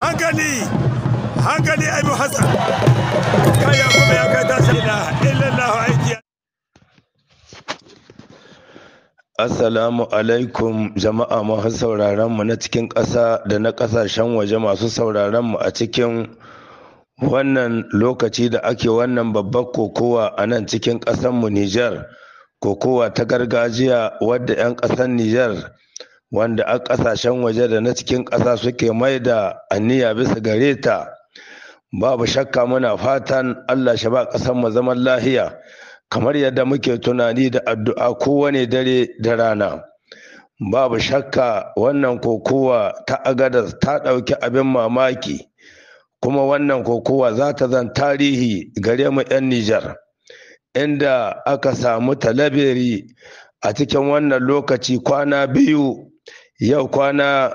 hankali hankali abu hassan kaya kuma ya kai tashi ila illallah aiki Assalamu alaikum jama'a masu sauraron mu na cikin ƙasa da na ƙasashen waje masu sauraron mu a cikin wannan lokaci da ake wannan babbar kokowa a nan cikin ƙasar mu Nijar kokowa ta gargajiya wadda 'yan ƙasar Nijar wanda a ƙasashen waje da na cikin ƙasa suke mai da anniya bisa gare ta babu shakka muna fatan Allah shi ba ƙasar mu zaman lahiya kamar yadda muke tunani da addu'a kowane dare da rana babu shakka wannan kokowa ta agadas ta ɗauki abin mamaki kuma wannan kokowa za ta zan tarihi gare mu 'yan Nijar inda aka samu talabiri a cikin wannan lokaci kwana biyu yau kwana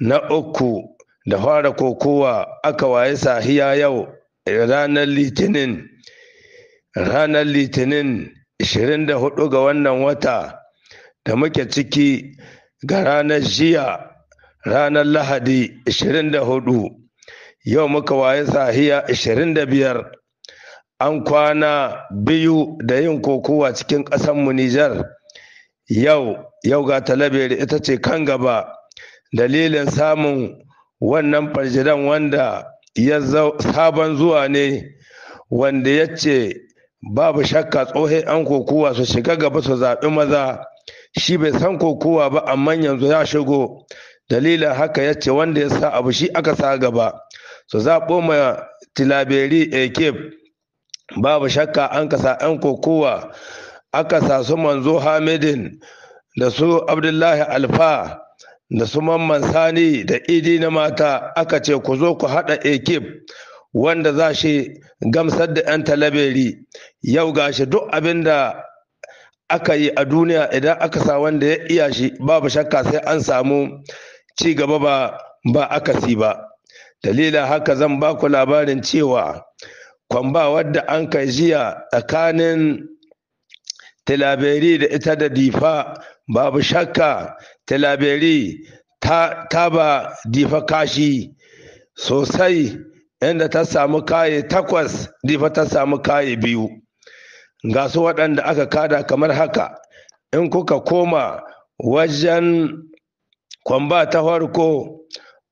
na uku da fara kokowa aka waye sahiya yau ranar litinin ranar litinin 24 ga wannan wata da muke ciki ga ranar jiya ranar lahadi 24 yau muka waye sahiya 25 an kwana biyu da yin kokowa cikin ƙasanmu nijar yau yau ga talabiyar ita ce kan gaba dalilin samun wannan farjidan wanda ya sabon zuwa ne wanda ya ce babu shakka tsohon an kokowa su shiga gaba su zaɓi maza shi bai san kokowa ba amma yanzu ya shigo dalilin haka ya ce wanda ya sa abu shi aka sa gaba su zaɓo ma tilaberi ekip babu shakka an kasa 'yan kokowa aka su manzo hamidin da su abdullahi alfa da su mamman sani da idi na mata aka ce ku zo ku haɗa ekip wanda za shi gamsar da 'yan talaberi yau gashi duk abin da aka yi a duniya idan aka sa wanda ya iya shi babu shakka sai an samu ci gaba ba ba aka si ba dalilin haka zan baku labarin cewa kwamba wadda an kai jiya tsakanin tilaberi da ita da difa babu shakka tilaberi ta, ta ba difa kashi sosai inda ta samu kaye takwas difa ta samu kaye biyu ga su waɗanda aka kada kamar haka in kuka koma wajen kwamba ta farko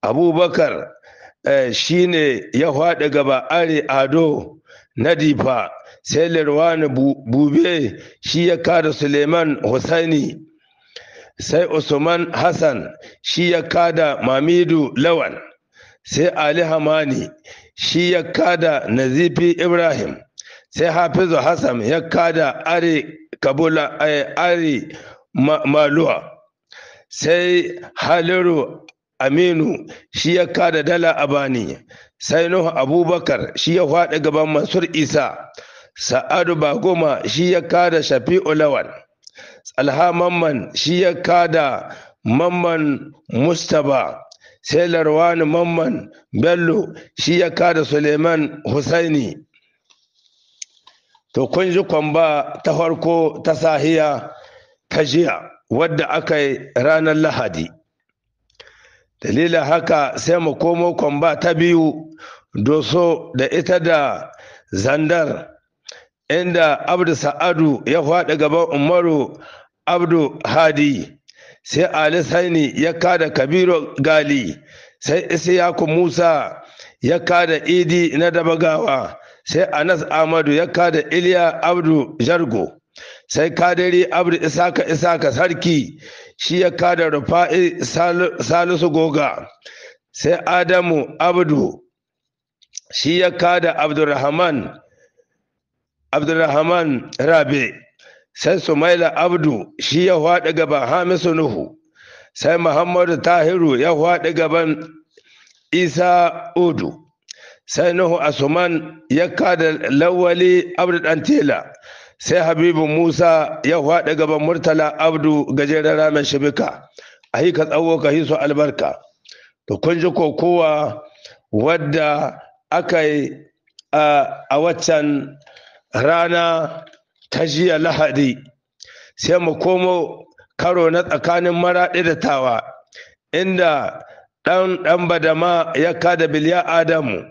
abubakar eh, shine ya faɗi gaba are ado nadifa sai lirwani bube shi ya kada suleiman husaini sai usman hassan shi ya kada mamidu lawan sai ali hamani shi ya kada nazifi ibrahim sai hafizu hassan ya kada ari kabula eh, ari maluwa sai haliru aminu shi ya kada dala abani sai Nuhu Abubakar shi ya faɗi gaban Mansur Isa Sa'adu Bagoma shi ya kada Shafi'u Lawan Tsalha Mamman shi ya kada Mamman Mustaba sai Larwani Mamman Bello shi ya kada Suleiman Husaini to kun ji kwamba ta farko ta sahiya ta jiya wadda aka yi ranar Lahadi dalilin haka sai mu komo kwamba ta biyu doso da ita da zandar inda abdu sa'adu ya faɗi gaban umaru abdu hadi sai ali saini ya kada kabiru gali sai isiyaku musa ya kada idi na dabagawa sai anas Ahmadu ya kada iliya abdu jargo sai kadiri abdu isaka isaka sarki shi ya kada rufa'i salisu goga sai adamu abdu shi ya kada abdurrahman abdurrahman rabe sai sumaila abdu shi ya hwaɗa gaban hamisu nuhu sai muhammadu tahiru ya hwaɗa gaban isa udu sai nuhu asuman ya kada lawali abdu dantela sai habibu musa ya faɗi gaban murtala abdu gajeren ranar shibika a ka tsawo ka hiso albarka to kun ji kokowa wadda aka yi a waccan rana ta jiya lahadi sai mu komo karo na tsakanin maraɗi da tawa inda ɗan ɗan badama ya kada biliya adamu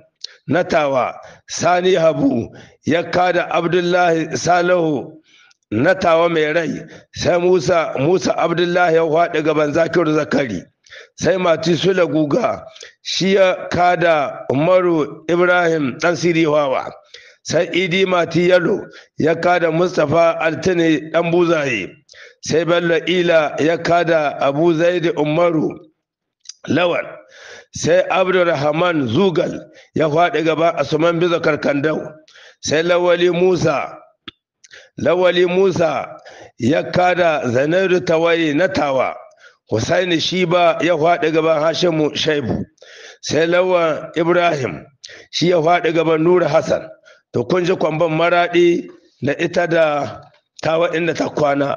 na tawa sani habu ya kada abdullahi salihu na tawa mai rai sai musa musa abdullahi ya faɗi gaban zakiru zakari sai mati sula guga shi ya kada umaru ibrahim ɗan sirihawa sai idi mati yalo ya kada mustapha altini ɗan buzaye sai bello ila ya kada abu zaidi umaru lawan sai abdurrahman zugal ya faɗi gaba a saman biza karkandau sai lawali musa lawali musa ya kada zanairu tawaye na tawa shi shiba ya faɗi gaban hashimu shaibu sai lawa ibrahim shi ya faɗi gaban nura hassan to kun ji kwamban maraɗi na ita da tawa inda ta kwana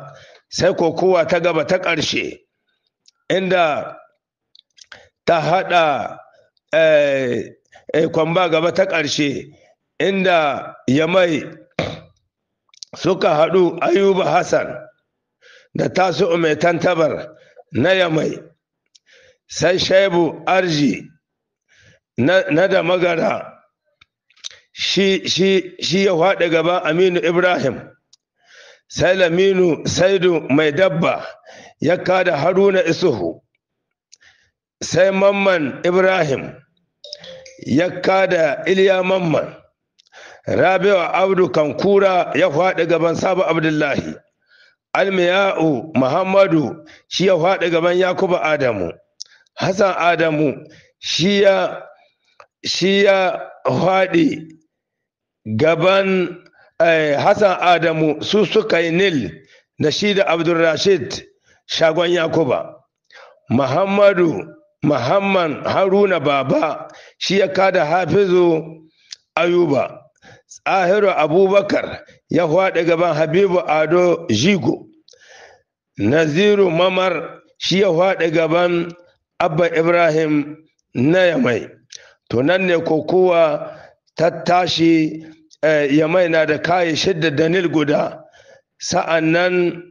sai kokowa ta gaba ta ƙarshe inda ta haɗa eh, eh, kwamba gaba ta ƙarshe inda yamai suka haɗu ayuba hassan da tasu mai tantabar na yamai sai shaibu arji na da magara shi ya haɗa gaba aminu ibrahim sai laminu saidu mai dabba ya kada haruna isuhu sai mamman ibrahim ya da iliya mamman Rabi'u abdu kankura ya faɗi gaban sabu abdullahi almiya'u muhammadu shi ya faɗi gaban yakuba adamu hassan adamu shi ya faɗi gaban eh, hassan adamu su suka yi nil da shi da abdulrashid shagon yakuba muhammadu muhammad haruna baba shi ya kada hafizu ayuba tsahiru abubakar ya faɗi gaban habibu ado jigo naziru mamar shi ya faɗi gaban abba ibrahim na yamai to nan ne kokowa ta tashi eh, yamai na da kayi shidda danil guda sa'annan. nan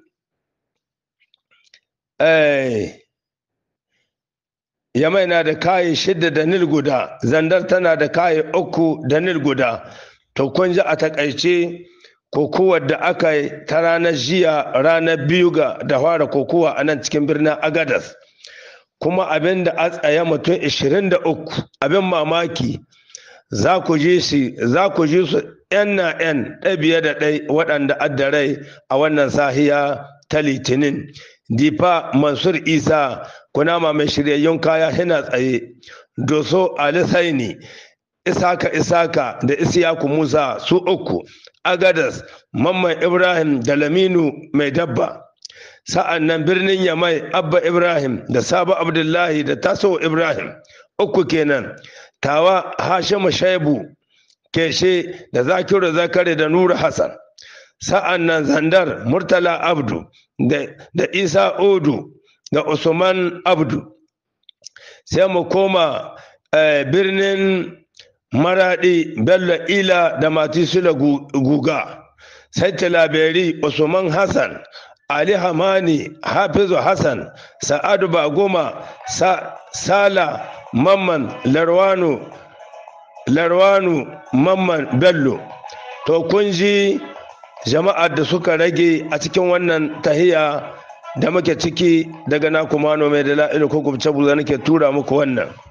eh, yamai na da kayi shidda da nil guda zandar tana da kayi uku da nil guda to kun ji a takaice kokowar da aka yi ta ranar jiya ranar biyu ga da fara kokowa a nan cikin birnin agadas kuma abin da a tsaye mutum 23 abin mamaki za ku ji su za ku ji su yan na yan ɗabiya da ɗai waɗanda addarai a wannan sahiya ta litinin difa mansur isa kunama mai shiryayyun kaya yana tsaye doso alisaini isaka isaka da isiyaku musa su uku agadas mamman ibrahim da laminu mai dabba sa'an nan birnin yamai abba ibrahim da sabo abdullahi da taso ibrahim uku kenan tawa hashima shaibu keshe da zakiru zakare da nura hassan Sa'an sa'annan zandar murtala abdu da isa odu da usman abdu sai mu koma eh, birnin maradi bello ila da Mati, Sule, guga sai talaberi usman hassan ali hamani hafizu hassan sa'adu bagoma sala mamman larwano mamman bello to kun ji jama'ar da suka rage a cikin wannan tahiya da muke ciki daga na kuma mai da la'ilu ko kubce buza nake tura muku wannan